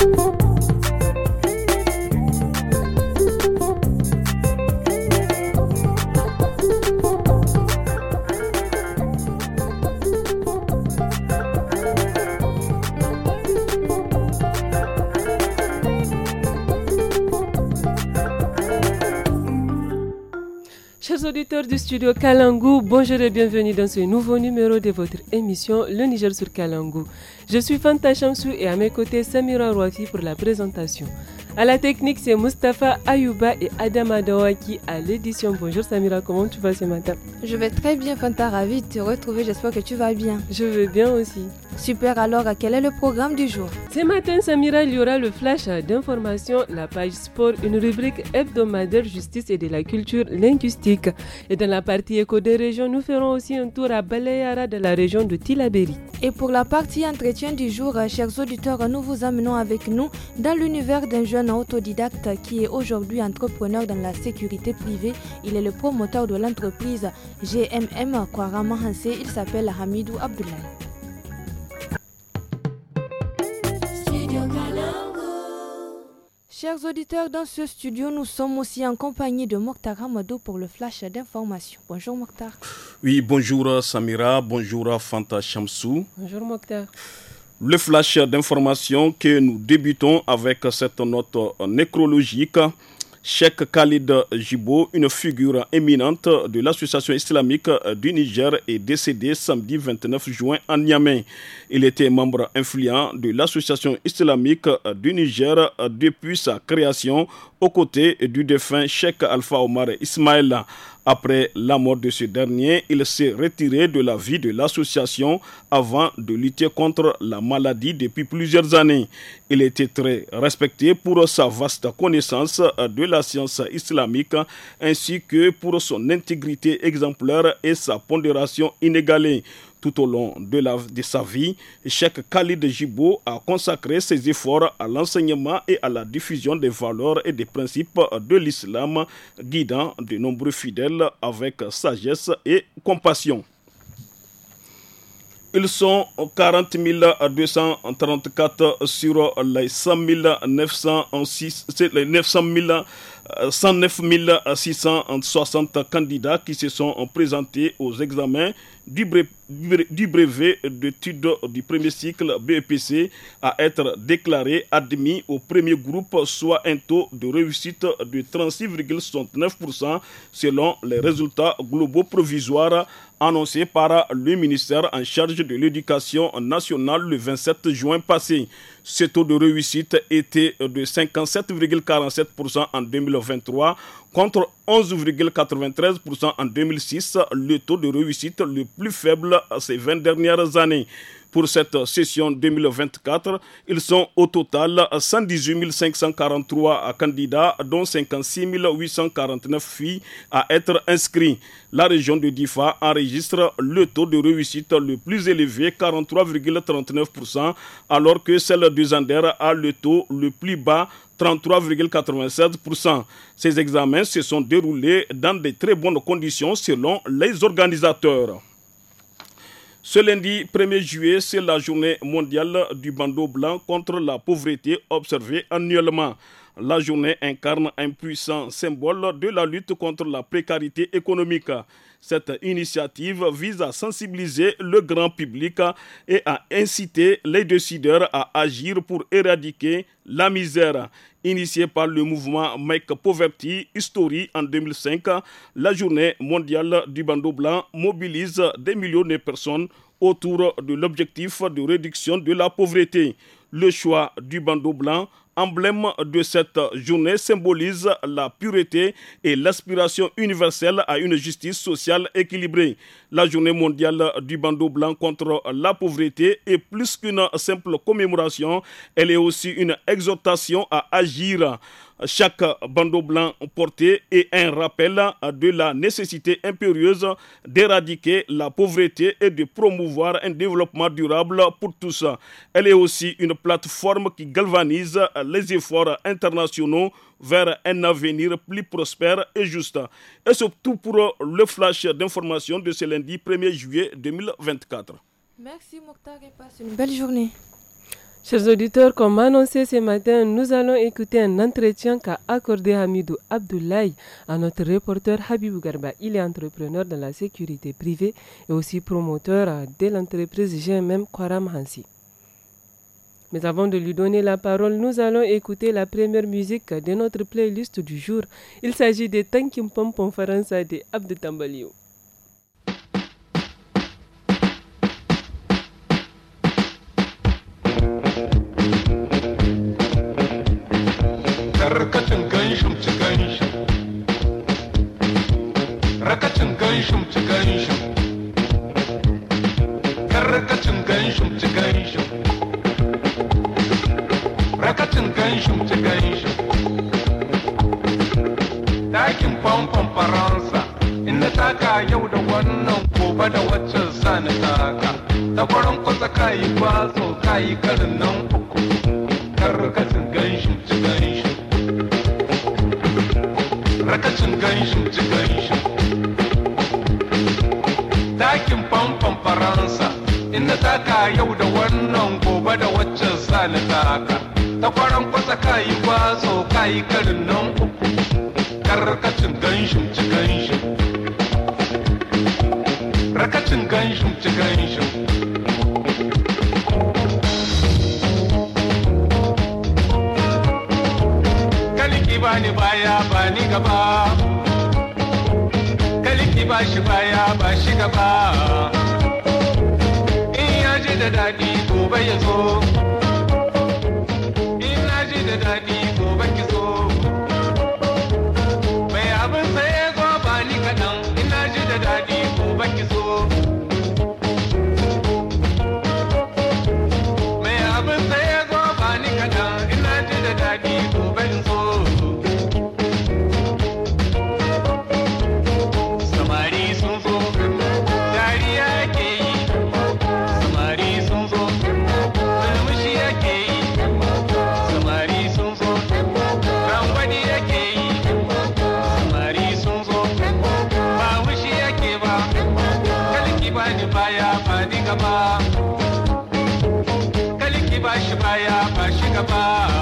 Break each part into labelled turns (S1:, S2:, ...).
S1: thank you du studio Kalangu, bonjour et bienvenue dans ce nouveau numéro de votre émission Le Niger sur Kalangu. Je suis Fanta Chamsou et à mes côtés Samira Rouafi pour la présentation. À la technique, c'est Mustapha Ayouba et Adama qui à l'édition. Bonjour Samira, comment tu vas ce matin Je vais
S2: très bien, Fanta, ravie de te retrouver. J'espère que tu vas bien. Je vais bien aussi. Super, alors euh, quel est le programme du jour
S1: Ce matin, Samira, il y aura le flash euh, d'information, la page sport, une rubrique hebdomadaire justice et de la culture linguistique. Et dans la
S2: partie éco des
S1: régions, nous ferons aussi un
S2: tour à Balayara de la région de Tilaberi. Et pour la partie entretien du jour, euh, chers auditeurs, nous vous amenons avec nous dans l'univers d'un jeune autodidacte qui est aujourd'hui entrepreneur dans la sécurité privée. Il est le promoteur de l'entreprise GMM quoi Hansé. Il s'appelle Hamidou Abdoulaye. Chers auditeurs, dans ce studio, nous sommes aussi en compagnie de Mokhtar Hamadou pour le flash d'information. Bonjour Mokhtar.
S3: Oui, bonjour Samira, bonjour Fanta Chamsou.
S2: Bonjour Mokhtar.
S3: Le flash d'information que nous débutons avec cette note nécrologique. Cheikh Khalid Jibo, une figure éminente de l'association islamique du Niger, est décédé samedi 29 juin à Niamey. Il était membre influent de l'association islamique du Niger depuis sa création aux côtés du défunt Cheikh Alpha Omar Ismail. Après la mort de ce dernier, il s'est retiré de la vie de l'association avant de lutter contre la maladie depuis plusieurs années. Il était très respecté pour sa vaste connaissance de la science islamique ainsi que pour son intégrité exemplaire et sa pondération inégalée. Tout au long de, sa vie, Cheikh Khalid Jibo a consacré ses efforts à l'enseignement et à la diffusion des valeurs et des principes de l'islam, guidant de nombreux fidèles avec sagesse et compassion. Ils sont 40 234 sur les 100 les 900 109 660 candidats qui se sont présentés aux examens du, du brevet d'études du premier cycle BEPC à être déclaré admis au premier groupe, soit un taux de réussite de 36,69% selon les résultats globaux provisoires annoncés par le ministère en charge de l'éducation nationale le 27 juin passé. Ce taux de réussite était de 57,47% en 2023 contre 11,93% en 2006, le taux de réussite le plus faible ces 20 dernières années. Pour cette session 2024, ils sont au total 118 543 candidats, dont 56 849 filles à être inscrits. La région de Difa enregistre le taux de réussite le plus élevé, 43,39%, alors que celle de Zander a le taux le plus bas, 33,87%. Ces examens se sont déroulés dans de très bonnes conditions selon les organisateurs. Ce lundi 1er juillet, c'est la journée mondiale du bandeau blanc contre la pauvreté observée annuellement. La journée incarne un puissant symbole de la lutte contre la précarité économique. Cette initiative vise à sensibiliser le grand public et à inciter les décideurs à agir pour éradiquer la misère. Initiée par le mouvement Make Poverty History en 2005, la journée mondiale du bandeau blanc mobilise des millions de personnes autour de l'objectif de réduction de la pauvreté. Le choix du bandeau blanc emblème de cette journée symbolise la pureté et l'aspiration universelle à une justice sociale équilibrée. La journée mondiale du bandeau blanc contre la pauvreté est plus qu'une simple commémoration, elle est aussi une exhortation à agir chaque bandeau blanc porté est un rappel de la nécessité impérieuse d'éradiquer la pauvreté et de promouvoir un développement durable pour tous. Elle est aussi une plateforme qui galvanise les efforts internationaux vers un avenir plus prospère et juste. Et surtout pour le flash d'information de ce lundi 1er juillet 2024. Merci
S2: Mokhtar et une belle
S1: journée. Chers auditeurs, comme annoncé ce matin, nous allons écouter un entretien qu'a accordé Hamidou Abdoulaye à notre reporter Habibou Garba. Il est entrepreneur dans la sécurité privée et aussi promoteur euh, de l'entreprise GMM Kwaram Hansi. Mais avant de lui donner la parole, nous allons écouter la première musique de notre playlist du jour. Il s'agit de Tankim Pom Faransa de Abdou Tambaliou.
S4: karkacin ganshim ci ganshim karkacin ganshim ci ganshim rakacin ganshim ci ganshim dakin famfon faransa inda taka yau da wannan gobe da waccan sani taka ta kwaron kwasa kayi bazo kayi karin nan ka yau da wannan gobe da waccan sani taka ta kwaran kwasa ka yi kwazo ka yi karin nan uku karkacin ganshim ci ganshin rakacin ganshim ci ba bani baya ba ni gaba kaliki ba shi baya ba shi gaba da daɗi gobe ya zo I'm shiga ba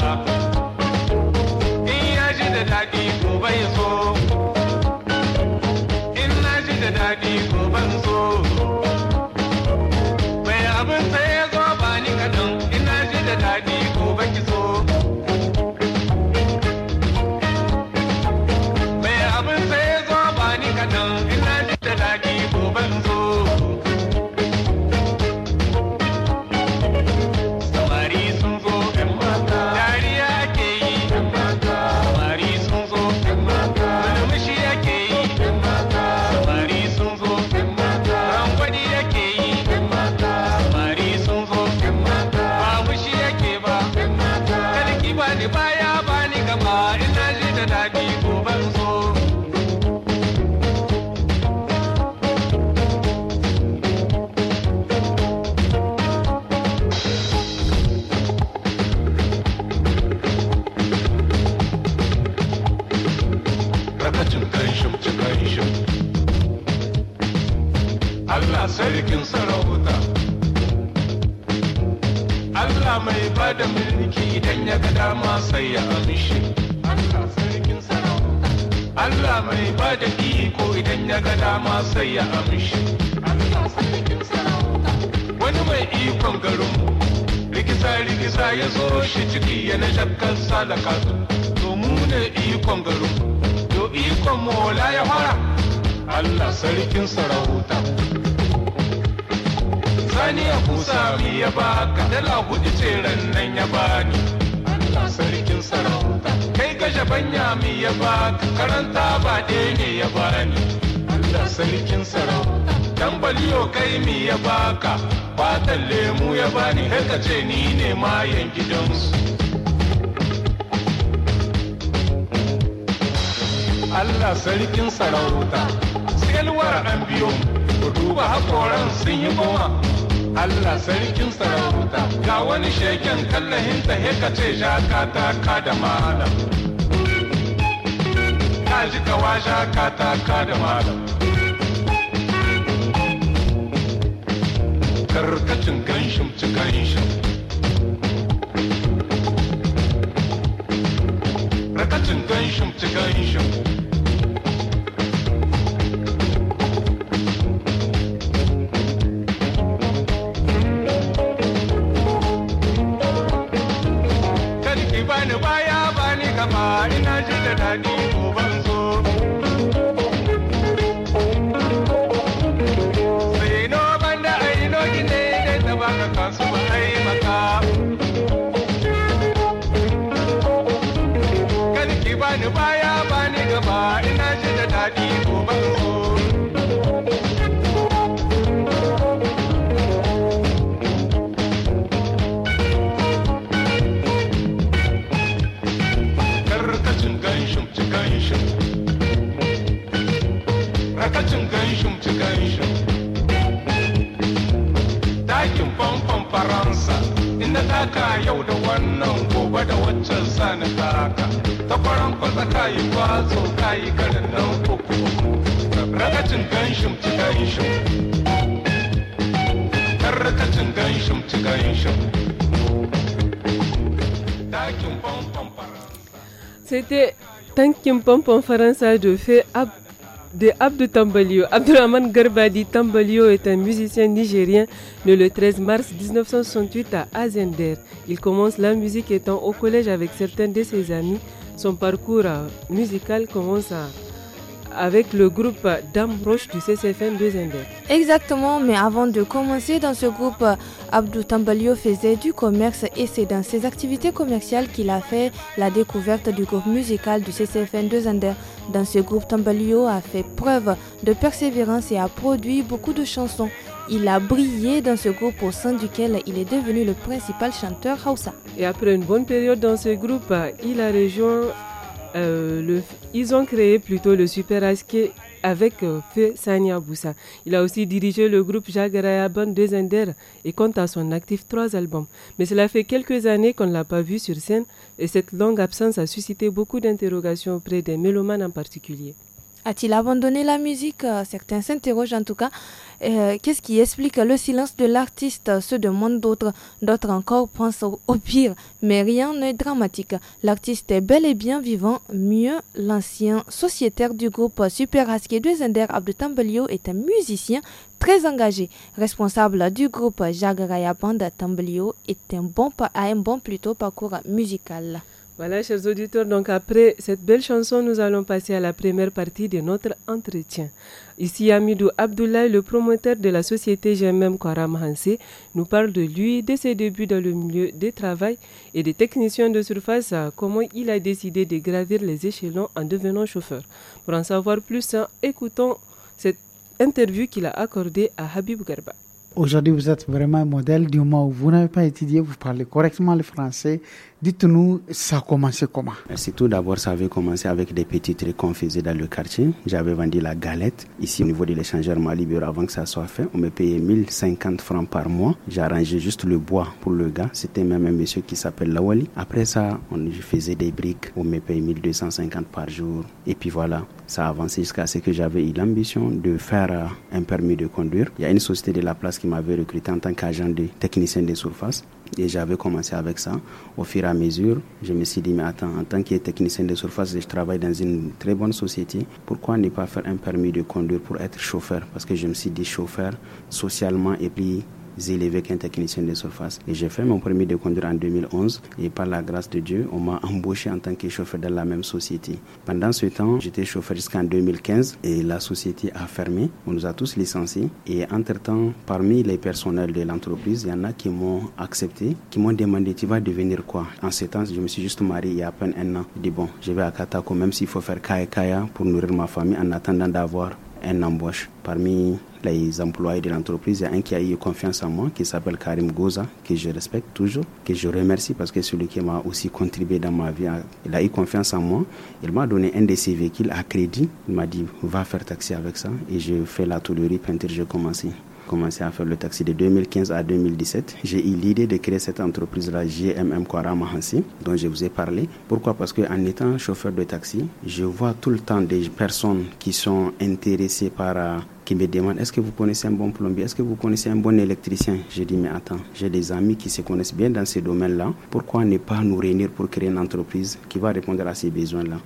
S4: ne ya bani Allah sarkin sarauta tambali kai mi ya baka fatan lemu ya bani haka ce ni ne mayan gidansu Allah sarkin sarauta selwar an biyo ku duba hakoran sun yi goma Allah sarkin sarauta ga wani sheken kallahin ta haka ce jaka ta kada da malam na ji kawa sha kataka da malam karkacin ganshim
S1: c'était tankin Pompom faransa de fait ab de Abdou Tambalio. Garbadi Tambalio est un musicien nigérien né le 13 mars 1968 à Azender. Il commence la musique étant au collège avec certains de ses amis son parcours musical commence avec le groupe Dame Roche du CCFM 2 Zender.
S2: Exactement, mais avant de commencer dans ce groupe, Abdou Tambalio faisait du commerce et c'est dans ses activités commerciales qu'il a fait la découverte du groupe musical du CCFM 2 Zender. Dans ce groupe, Tambalio a fait preuve de persévérance et a produit beaucoup de chansons. Il a brillé dans ce groupe au sein duquel il est devenu le principal chanteur Hausa.
S1: Et après une bonne période dans ce groupe, il a rejoint euh, ils ont créé plutôt le Super Aske avec euh, Sanya Boussa. Il a aussi dirigé le groupe Jagaraya Band de et compte à son actif trois albums. Mais cela fait quelques années qu'on ne l'a pas vu sur scène et cette longue absence a suscité beaucoup d'interrogations auprès des mélomanes en particulier.
S2: A-t-il abandonné la musique euh, Certains s'interrogent en tout cas. Euh, qu'est-ce qui explique le silence de l'artiste se demandent d'autres. D'autres encore pensent au pire, mais rien n'est dramatique. L'artiste est bel et bien vivant, mieux l'ancien sociétaire du groupe Super Hasky de Zender Tambelio est un musicien très engagé. Responsable du groupe Jagraya Band Tambelio est un bon, a un bon plutôt parcours musical.
S1: Voilà, chers auditeurs, donc après cette belle chanson, nous allons passer à la première partie de notre entretien. Ici, Amidou Abdoulaye, le promoteur de la société GMM Kwaram Hansé, nous parle de lui, de ses débuts dans le milieu des travail et des techniciens de surface, euh, comment il a décidé de gravir les échelons en devenant chauffeur. Pour en savoir plus, hein, écoutons cette interview qu'il a accordée à Habib Garba.
S5: Aujourd'hui, vous êtes vraiment un modèle du moment où vous n'avez pas étudié, vous parlez correctement le français, Dites-nous, ça a commencé comment
S6: euh, C'est Tout d'abord, ça avait commencé avec des petits trucs qu'on faisait dans le quartier. J'avais vendu la galette ici au niveau de l'échangeur mali avant que ça soit fait. On me payait 1050 francs par mois. J'arrangeais juste le bois pour le gars. C'était même un monsieur qui s'appelle Lawali. Après ça, on faisait des briques. On me payait 1250 par jour. Et puis voilà, ça a avancé jusqu'à ce que j'avais eu l'ambition de faire euh, un permis de conduire. Il y a une société de la place qui m'avait recruté en tant qu'agent de technicien de surface. Et j'avais commencé avec ça. Au fur et à mesure, je me suis dit, mais attends, en tant que technicien de surface, je travaille dans une très bonne société. Pourquoi ne pas faire un permis de conduire pour être chauffeur Parce que je me suis dit, chauffeur, socialement et puis élevé qu'un technicien de surface. Et j'ai fait mon premier de conduire en 2011 et par la grâce de Dieu, on m'a embauché en tant que chauffeur dans la même société. Pendant ce temps, j'étais chauffeur jusqu'en 2015 et la société a fermé. On nous a tous licenciés et entre-temps, parmi les personnels de l'entreprise, il y en a qui m'ont accepté, qui m'ont demandé tu vas devenir quoi En ce temps, je me suis juste marié il y a à peine un an. Je dis bon, je vais à Katako même s'il faut faire kaya kaya pour nourrir ma famille en attendant d'avoir un embauche. Parmi les employés de l'entreprise, il y a un qui a eu confiance en moi, qui s'appelle Karim Goza, que je respecte toujours, que je remercie parce que celui qui m'a aussi contribué dans ma vie, il a eu confiance en moi. Il m'a donné un de ses véhicules à crédit. Il m'a dit, va faire taxi avec ça. Et je fais la tôlerie, peinture, j'ai commencé commencé à faire le taxi de 2015 à 2017. J'ai eu l'idée de créer cette entreprise-là, GMM Kwara Mahansi, dont je vous ai parlé. Pourquoi Parce qu'en étant chauffeur de taxi, je vois tout le temps des personnes qui sont intéressées par euh, qui me demandent est-ce que vous connaissez un bon plombier, est-ce que vous connaissez un bon électricien. Je dis mais attends, j'ai des amis qui se connaissent bien dans ces domaines-là. Pourquoi ne pas nous réunir pour créer une entreprise qui va répondre à ces besoins-là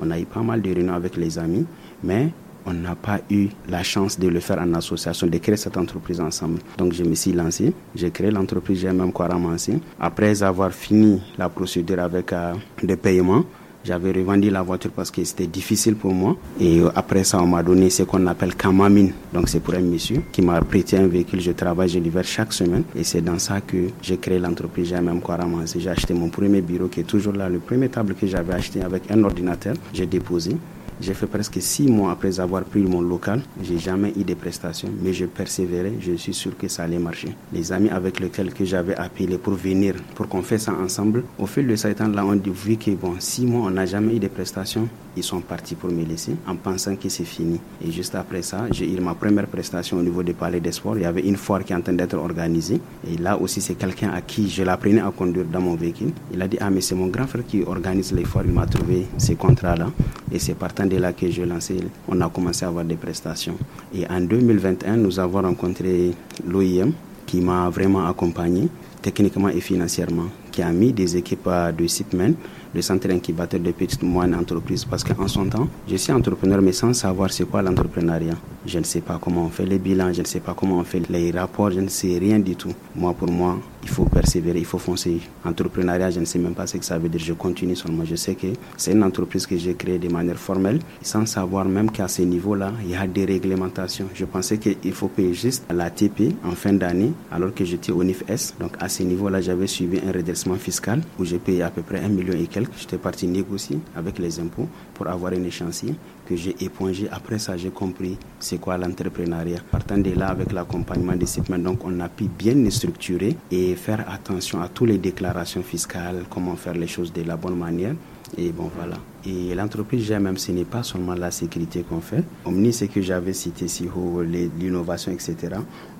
S6: On a eu pas mal de réunions avec les amis, mais on n'a pas eu la chance de le faire en association, de créer cette entreprise ensemble. Donc je me suis lancé, j'ai créé l'entreprise GMM Kwaramansi, Après avoir fini la procédure avec euh, des paiements, j'avais revendu la voiture parce que c'était difficile pour moi. Et euh, après ça, on m'a donné ce qu'on appelle Kamamine. Donc c'est pour un monsieur qui m'a prêté un véhicule. Je travaille, je l'hiver chaque semaine. Et c'est dans ça que j'ai créé l'entreprise JMM Kwaramansi, J'ai acheté mon premier bureau qui est toujours là, le premier table que j'avais acheté avec un ordinateur. J'ai déposé. J'ai fait presque six mois après avoir pris mon local. J'ai jamais eu de prestations, mais je persévérais. Je suis sûr que ça allait marcher. Les amis avec lesquels que j'avais appelé pour venir, pour qu'on fasse ça ensemble, au fil de ça temps-là, on dit vu que bon, six mois, on n'a jamais eu de prestations. Ils sont partis pour me laisser en pensant que c'est fini. Et juste après ça, j'ai eu ma première prestation au niveau du palais d'espoir Il y avait une foire qui était en train d'être organisée. Et là aussi, c'est quelqu'un à qui je l'apprenais à conduire dans mon véhicule. Il a dit Ah, mais c'est mon grand frère qui organise les foires. Il m'a trouvé ces contrats-là. Et c'est partant là que j'ai lancé, on a commencé à avoir des prestations. Et en 2021, nous avons rencontré l'OIM qui m'a vraiment accompagné techniquement et financièrement, qui a mis des équipes euh, de sitmen, de qui incubateurs de petites moyennes entreprises. Parce qu'en son temps, je suis entrepreneur, mais sans savoir c'est quoi l'entrepreneuriat. Je ne sais pas comment on fait les bilans, je ne sais pas comment on fait les rapports, je ne sais rien du tout. Moi, pour moi, il faut persévérer, il faut foncer. Entrepreneuriat, je ne sais même pas ce que ça veut dire, je continue seulement. Je sais que c'est une entreprise que j'ai créée de manière formelle, sans savoir même qu'à ce niveau-là, il y a des réglementations. Je pensais qu'il faut payer juste la TP en fin d'année, alors que j'étais au NIFS. Donc à ce niveau-là, j'avais suivi un redressement fiscal où j'ai payé à peu près un million et quelques. J'étais parti négocier avec les impôts pour avoir une échéancier que j'ai épongé. Après ça, j'ai compris c'est quoi l'entrepreneuriat. Partant de là, avec l'accompagnement des sites, donc on a pu bien les structurer et faire attention à toutes les déclarations fiscales, comment faire les choses de la bonne manière. Et bon, voilà. Et l'entreprise GMM, ce n'est pas seulement la sécurité qu'on fait. Omni, ce que j'avais cité si haut, l'innovation, etc.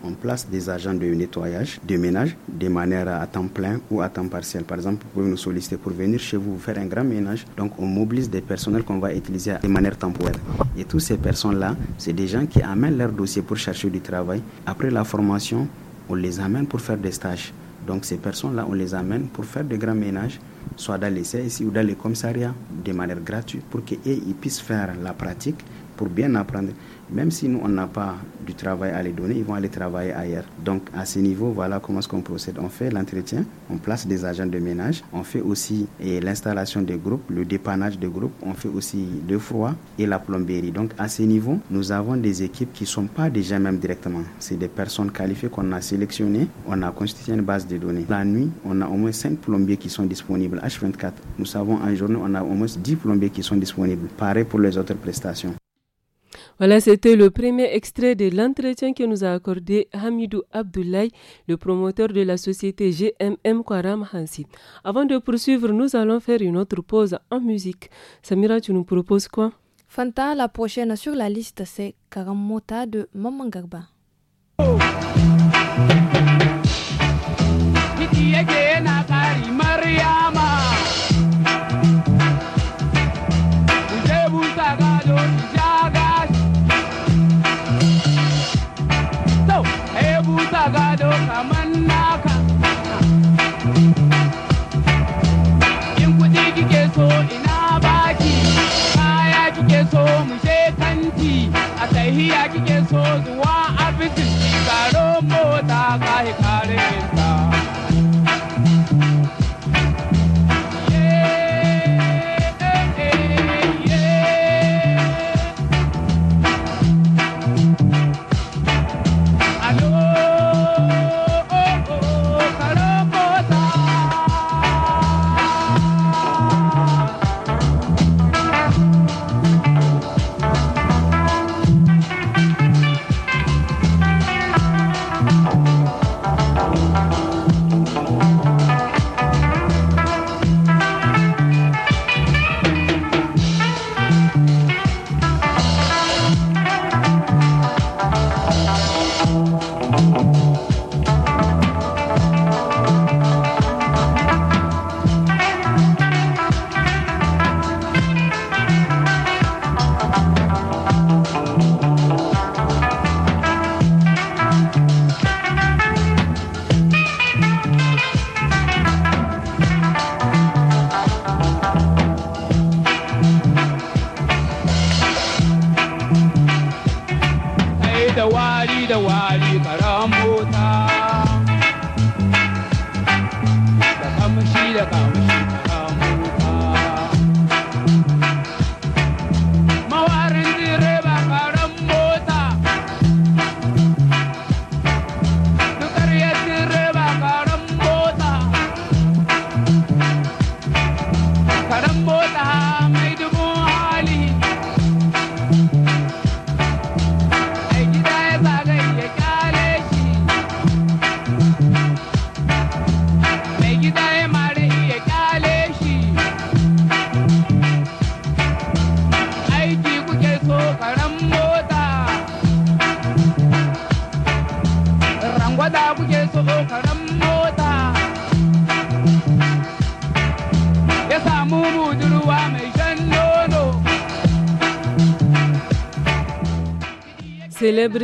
S6: On place des agents de nettoyage, de ménage, de manière à temps plein ou à temps partiel. Par exemple, vous pouvez nous solliciter pour venir chez vous, faire un grand ménage. Donc, on mobilise des personnels qu'on va utiliser de manière temporaire. Et toutes ces personnes-là, c'est des gens qui amènent leur dossier pour chercher du travail. Après la formation, on les amène pour faire des stages. Donc, ces personnes-là, on les amène pour faire des grands ménages soit dans les CSI ou dans les commissariats de manière gratuite pour qu'ils puissent faire la pratique pour bien apprendre. Même si nous, on n'a pas du travail à les donner, ils vont aller travailler ailleurs. Donc, à ce niveau, voilà comment est-ce qu'on procède. On fait l'entretien, on place des agents de ménage, on fait aussi l'installation des groupes, le dépannage des groupes, on fait aussi le froid et la plomberie. Donc, à ce niveau, nous avons des équipes qui ne sont pas déjà même directement. C'est des personnes qualifiées qu'on a sélectionnées, on a constitué une base de données. La nuit, on a au moins 5 plombiers qui sont disponibles, H24. Nous savons en journée, on a au moins 10 plombiers qui sont disponibles. Pareil pour les autres prestations.
S1: Voilà, c'était le premier extrait de l'entretien que nous a accordé Hamidou Abdoulaye, le promoteur de la société GMM Kwaram Hansi. Avant de poursuivre, nous allons faire une autre pause en musique. Samira,
S2: tu nous proposes quoi Fanta, la prochaine sur la liste, c'est Karamota de Mamangarba. Oh.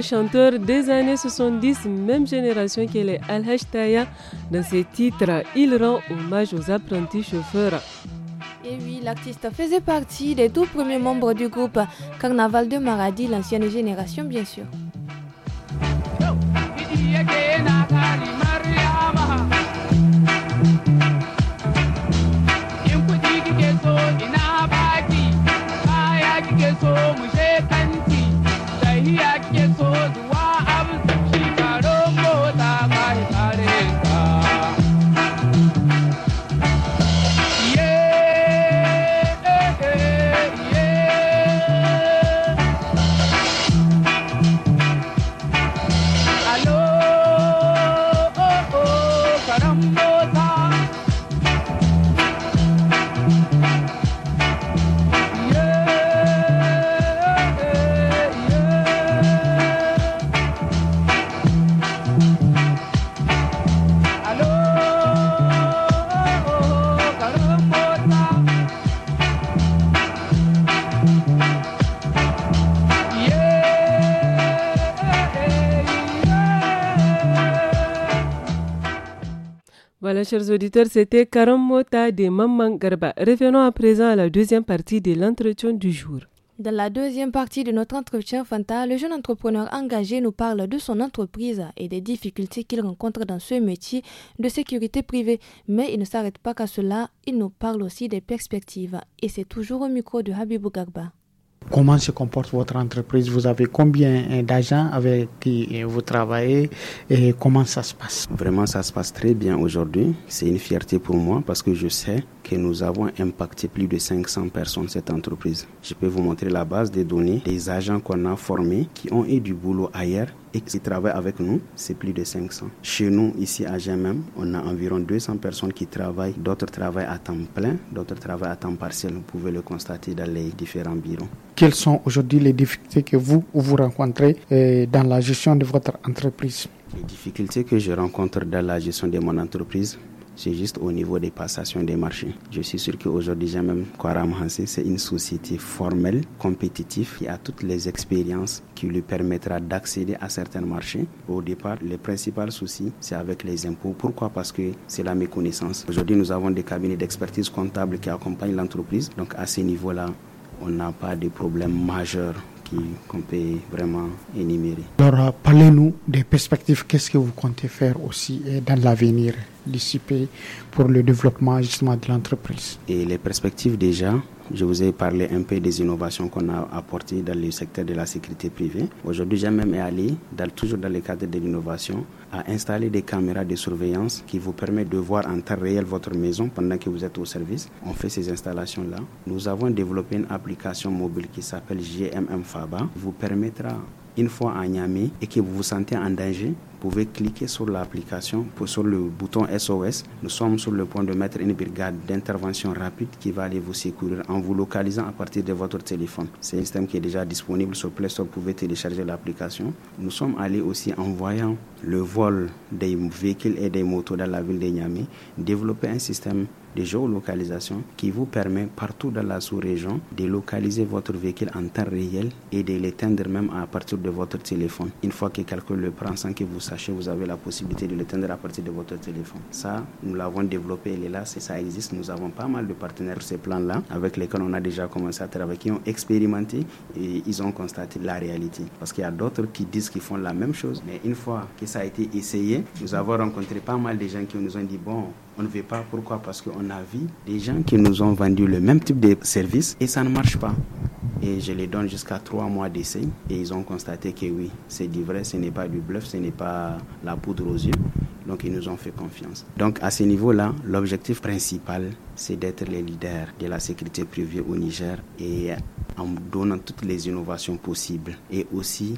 S1: chanteur des années 70, même génération que les al Hashtaya. Dans ses titres, il rend hommage aux apprentis chauffeurs.
S2: Et oui, l'artiste faisait partie des tout premiers membres du groupe Carnaval de Maradi, l'ancienne génération bien sûr.
S1: chers auditeurs, c'était Karam Mota de Revenons à présent à la deuxième partie de l'entretien du jour.
S2: Dans la deuxième partie de notre entretien, Fanta, le jeune entrepreneur engagé nous parle de son entreprise et des difficultés qu'il rencontre dans ce métier de sécurité privée. Mais il ne s'arrête pas qu'à cela, il nous parle aussi des perspectives. Et c'est toujours au micro de Habibou Garba
S5: comment se comporte votre entreprise, vous avez combien euh, d'agents avec qui euh, vous travaillez et comment ça se passe
S6: Vraiment, ça se passe très bien aujourd'hui. C'est une fierté pour moi parce que je sais que nous avons impacté plus de 500 personnes cette entreprise. Je peux vous montrer la base des données des agents qu'on a formés qui ont eu du boulot ailleurs et qui travaillent avec nous, c'est plus de 500. Chez nous, ici à GMM, on a environ 200 personnes qui travaillent. D'autres travaillent à temps plein, d'autres travaillent à temps partiel. Vous pouvez le constater dans les différents bureaux.
S5: Quelles sont aujourd'hui les difficultés que vous, vous rencontrez euh, dans la gestion de votre entreprise
S6: Les difficultés que je rencontre dans la gestion de mon entreprise, c'est juste au niveau des passations des marchés. Je suis sûr qu'aujourd'hui, même Kwaram Hansé, c'est une société formelle, compétitive, qui a toutes les expériences qui lui permettra d'accéder à certains marchés. Au départ, le principal souci, c'est avec les impôts. Pourquoi Parce que c'est la méconnaissance. Aujourd'hui, nous avons des cabinets d'expertise comptable qui accompagnent l'entreprise. Donc, à ce niveau-là, on n'a pas de problème majeur qu'on peut vraiment énumérer.
S5: Alors, euh, parlez-nous des perspectives. Qu'est-ce que vous comptez faire aussi euh, dans l'avenir participer pour le développement justement de l'entreprise.
S6: Et les perspectives déjà je vous ai parlé un peu des innovations qu'on a apportées dans le secteur de la sécurité privée. Aujourd'hui, j'ai même allé, toujours dans le cadre de l'innovation, à installer des caméras de surveillance qui vous permettent de voir en temps réel votre maison pendant que vous êtes au service. On fait ces installations-là. Nous avons développé une application mobile qui s'appelle GMM FABA, vous permettra une fois à Niamey et que vous vous sentez en danger, vous pouvez cliquer sur l'application, sur le bouton SOS. Nous sommes sur le point de mettre une brigade d'intervention rapide qui va aller vous secourir en vous localisant à partir de votre téléphone. C'est un système qui est déjà disponible sur Play Store. Vous pouvez télécharger l'application. Nous sommes allés aussi en voyant le vol des véhicules et des motos dans la ville de Niamey, développer un système des géolocalisation qui vous permet partout dans la sous-région de localiser votre véhicule en temps réel et de l'éteindre même à partir de votre téléphone. Une fois que quelqu'un le prend sans que vous sachiez, vous avez la possibilité de l'éteindre à partir de votre téléphone. Ça, nous l'avons développé, il est là, c'est ça existe. Nous avons pas mal de partenaires sur ces plans-là avec lesquels on a déjà commencé à travailler, qui ont expérimenté et ils ont constaté la réalité. Parce qu'il y a d'autres qui disent qu'ils font la même chose, mais une fois que ça a été essayé, nous avons rencontré pas mal de gens qui nous ont dit, bon, on ne veut pas. Pourquoi Parce qu'on a vu des gens qui nous ont vendu le même type de service et ça ne marche pas. Et je les donne jusqu'à trois mois d'essai et ils ont constaté que oui, c'est du vrai, ce n'est pas du bluff, ce n'est pas la poudre aux yeux. Donc ils nous ont fait confiance. Donc à ce niveau-là, l'objectif principal, c'est d'être les leaders de la sécurité privée au Niger et en donnant toutes les innovations possibles et aussi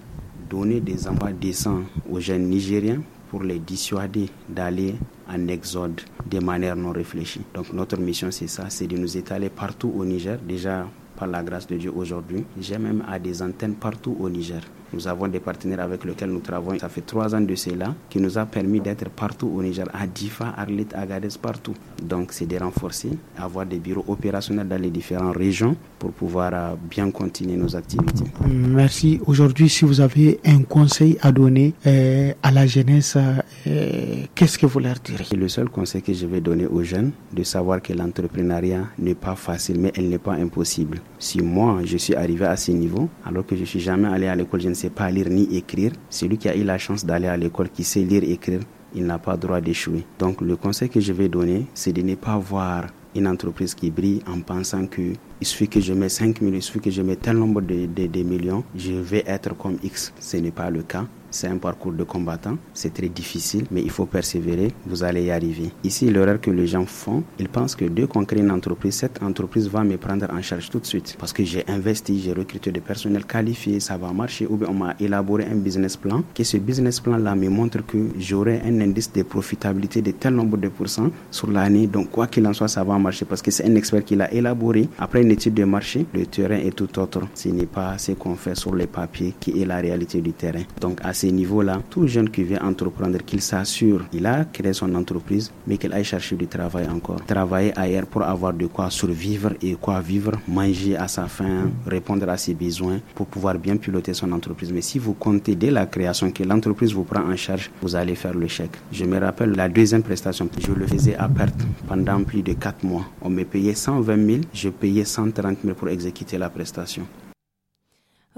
S6: donner des emplois décents aux jeunes Nigériens pour les dissuader d'aller en exode de manière non réfléchie. Donc notre mission, c'est ça, c'est de nous étaler partout au Niger, déjà par la grâce de Dieu aujourd'hui. J'ai même à des antennes partout au Niger. Nous avons des partenaires avec lesquels nous travaillons. Ça fait trois ans de cela qui nous a permis d'être partout au Niger, à Difa, à Agadez, partout. Donc c'est de renforcer, avoir des bureaux opérationnels dans les différentes régions pour pouvoir euh, bien continuer nos activités.
S5: Merci. Aujourd'hui, si vous avez un conseil à donner euh, à la jeunesse, euh, qu'est-ce que vous
S6: leur direz Le seul conseil que je vais donner aux jeunes, de savoir que l'entrepreneuriat n'est pas facile, mais elle n'est pas impossible. Si moi, je suis arrivé à ce niveau, alors que je ne suis jamais allé à l'école, je sait pas lire ni écrire, celui qui a eu la chance d'aller à l'école, qui sait lire et écrire, il n'a pas droit d'échouer. Donc le conseil que je vais donner, c'est de ne pas voir une entreprise qui brille en pensant que il suffit que je mets 5 millions, il suffit que je mette tel nombre de millions, je vais être comme X. Ce n'est pas le cas. C'est un parcours de combattant, c'est très difficile, mais il faut persévérer, vous allez y arriver. Ici, l'erreur que les gens font, ils pensent que dès qu'on crée une entreprise, cette entreprise va me prendre en charge tout de suite. Parce que j'ai investi, j'ai recruté des personnels qualifiés, ça va marcher, ou bien on m'a élaboré un business plan, que ce business plan-là me montre que j'aurai un indice de profitabilité de tel nombre de pourcents sur l'année. Donc, quoi qu'il en soit, ça va marcher parce que c'est un expert qui l'a élaboré. Après une étude de marché, le terrain est tout autre. Ce n'est pas ce qu'on fait sur les papiers qui est la réalité du terrain. Donc, à ces niveaux-là, tout jeune qui veut entreprendre, qu'il s'assure, il a créé son entreprise, mais qu'il aille chercher du travail encore. Travailler ailleurs pour avoir de quoi survivre et quoi vivre, manger à sa faim, mhm. répondre à ses besoins pour pouvoir bien piloter son entreprise. Mais si vous comptez dès la création que l'entreprise vous prend en charge, vous allez faire le chèque. Je me rappelle la deuxième prestation, je le faisais à perte pendant plus de quatre mois. On me payait 120 000, je payais 130 000 pour exécuter la
S3: prestation.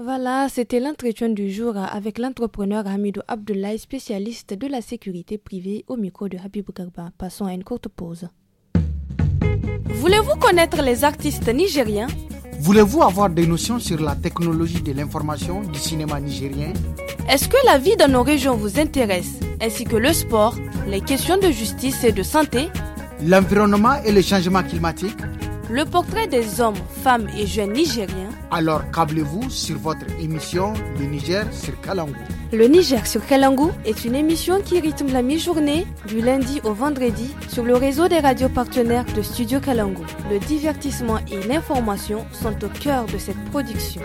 S2: Voilà, c'était l'entretien du jour avec l'entrepreneur Hamidou Abdoulaye, spécialiste de la sécurité privée au micro de Habib Garba. Passons à une courte pause. Voulez-vous connaître les artistes nigériens
S5: Voulez-vous avoir des notions sur la technologie de l'information du cinéma nigérien
S2: Est-ce que la vie dans nos régions vous intéresse, ainsi que le sport, les questions de justice et de santé
S5: L'environnement et le changement climatique
S2: le portrait des hommes, femmes et jeunes nigériens.
S5: Alors câblez-vous sur votre émission Le Niger sur Kalangou.
S2: Le Niger sur Kalangou est une émission qui rythme la mi-journée du lundi au vendredi sur le réseau des radios partenaires de Studio Kalangou. Le divertissement et l'information sont au cœur de cette production.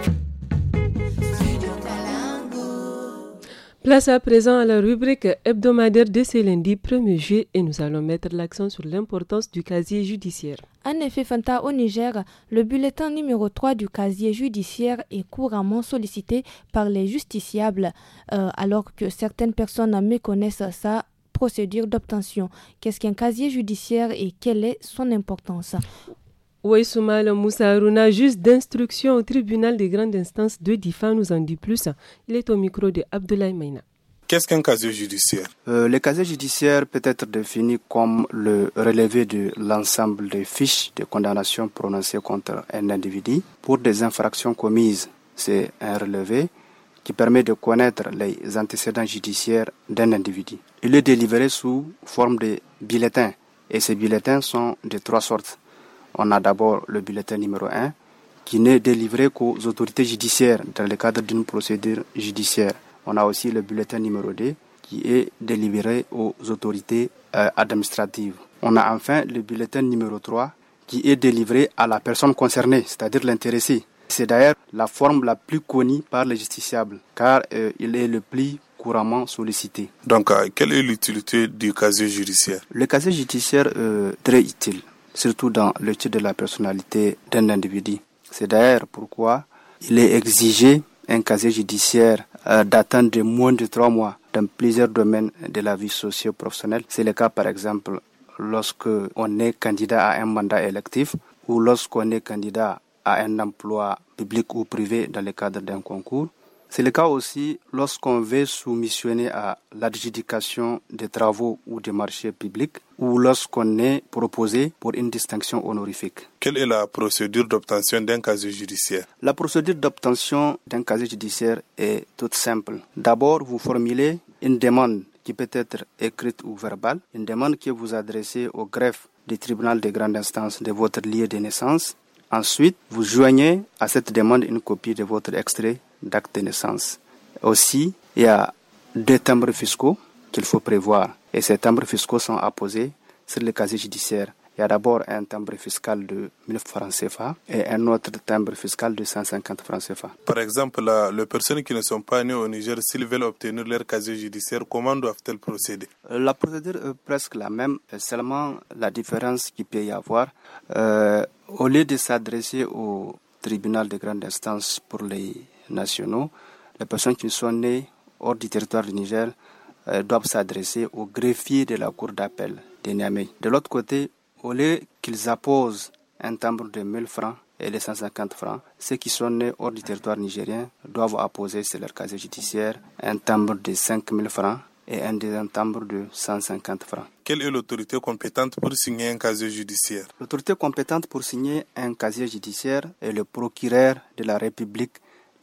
S2: Place
S1: à présent à la rubrique hebdomadaire de ce lundi 1er juillet et nous allons mettre l'accent sur l'importance du casier judiciaire.
S2: En effet, Fanta, au Niger, le bulletin numéro 3 du casier judiciaire est couramment sollicité par les justiciables, euh, alors que certaines personnes méconnaissent sa procédure d'obtention. Qu'est-ce qu'un casier judiciaire et quelle est son importance
S1: oui, Soumal Moussa Aruna, juge d'instruction au tribunal des grandes instances de DIFA, nous en dit plus. Il est au micro de Abdoulaye Maina.
S7: Qu'est-ce qu'un casier judiciaire euh, Le casier judiciaire peut être défini comme le relevé de l'ensemble des fiches de condamnation prononcées contre un individu pour des infractions commises. C'est un relevé qui permet de connaître les antécédents judiciaires d'un individu. Il est délivré sous forme de bulletin, et ces bulletins sont de trois sortes. On a d'abord le bulletin numéro 1 qui n'est délivré qu'aux autorités judiciaires dans le cadre d'une procédure judiciaire. On a aussi le bulletin numéro 2 qui est délivré aux autorités euh, administratives. On a enfin le bulletin numéro 3 qui est délivré à la personne concernée, c'est-à-dire l'intéressé. C'est d'ailleurs la forme la plus connue par les justiciables, car euh, il est le plus couramment sollicité. Donc, euh, quelle est l'utilité du casier judiciaire Le casier judiciaire est très utile, surtout dans l'étude de la personnalité d'un individu. C'est d'ailleurs pourquoi il est exigé un casier judiciaire euh, d'attendre moins de trois mois dans plusieurs domaines de la vie socio-professionnelle. C'est le cas, par exemple, lorsque on est candidat à un mandat électif ou lorsqu'on est candidat à un emploi public ou privé dans le cadre d'un concours c'est le cas aussi lorsqu'on veut soumissionner à l'adjudication des travaux ou des marchés publics ou lorsqu'on est proposé pour une distinction honorifique. Quelle est la procédure d'obtention d'un casier judiciaire La procédure d'obtention d'un casier judiciaire est toute simple. D'abord, vous formulez une demande qui peut être écrite ou verbale, une demande que vous adressez au greffe du tribunal de grande instance de votre lieu de naissance. Ensuite, vous joignez à cette demande une copie de votre extrait d'acte de naissance. Aussi, il y a deux timbres fiscaux qu'il faut prévoir. Et ces timbres fiscaux sont apposés sur le casier judiciaire. Il y a d'abord un timbre fiscal de 1000 francs CFA et un autre timbre fiscal de 150 francs CFA. Par exemple, les personnes qui ne sont pas nées au Niger, s'ils veulent obtenir leur casier judiciaire, comment doivent-elles procéder euh, La procédure est presque la même, euh, seulement la différence qu'il peut y avoir, euh, au lieu de s'adresser au tribunal de grande instance pour les nationaux, les personnes qui sont nées hors du territoire du Niger euh, doivent s'adresser au greffier de la cour d'appel de Niamey. De l'autre côté, au lieu qu'ils apposent un timbre de 1000 francs et de 150 francs, ceux qui sont nés hors du territoire nigérien doivent apposer sur leur casier judiciaire un timbre de 5000 francs et un deuxième timbre de 150 francs. Quelle est l'autorité compétente pour signer un casier judiciaire L'autorité compétente pour signer un casier judiciaire est le procureur de la République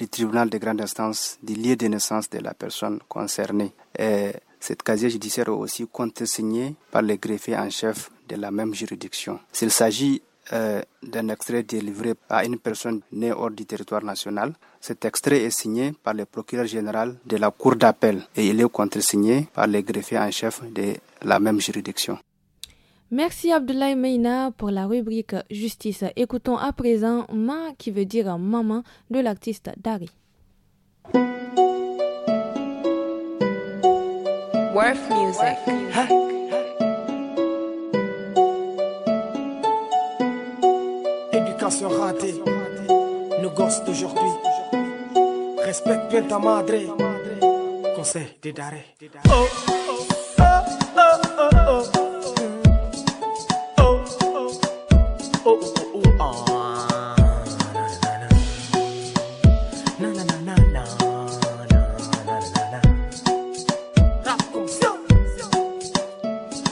S7: du tribunal de grande instance du lieu de naissance de la personne concernée. Et cette casier judiciaire est aussi contre-signé par le greffier en chef de la même juridiction. S'il s'agit euh, d'un extrait délivré à une personne née hors du territoire national. Cet extrait est signé par le procureur général de la Cour d'appel et il est contresigné par le greffier en chef de la même juridiction.
S2: Merci Abdoulaye Meina pour la rubrique Justice. Écoutons à présent Ma qui veut dire maman de l'artiste Dari. Worth Music.
S8: Éducation ratée, nos gosses d'aujourd'hui. Respecte bien ta madre. Conseil de Dari
S9: Oh, oh, oh,
S8: oh, oh. oh.
S9: oh. oh, oh, oh, oh.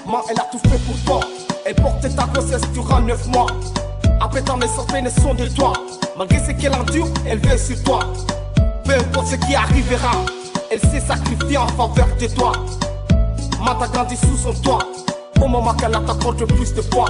S8: Ma, elle a tout fait pour toi. Elle portait ta grossesse durant 9 mois. Après tant mes sorties ne sont de toi. Malgré ce qu'elle endure, elle veille sur toi. Peu importe ce qui arrivera, elle s'est sacrifiée en faveur de toi. Ma t'a grandi sous son toit. Au moment qu'elle a t'accorde plus de poids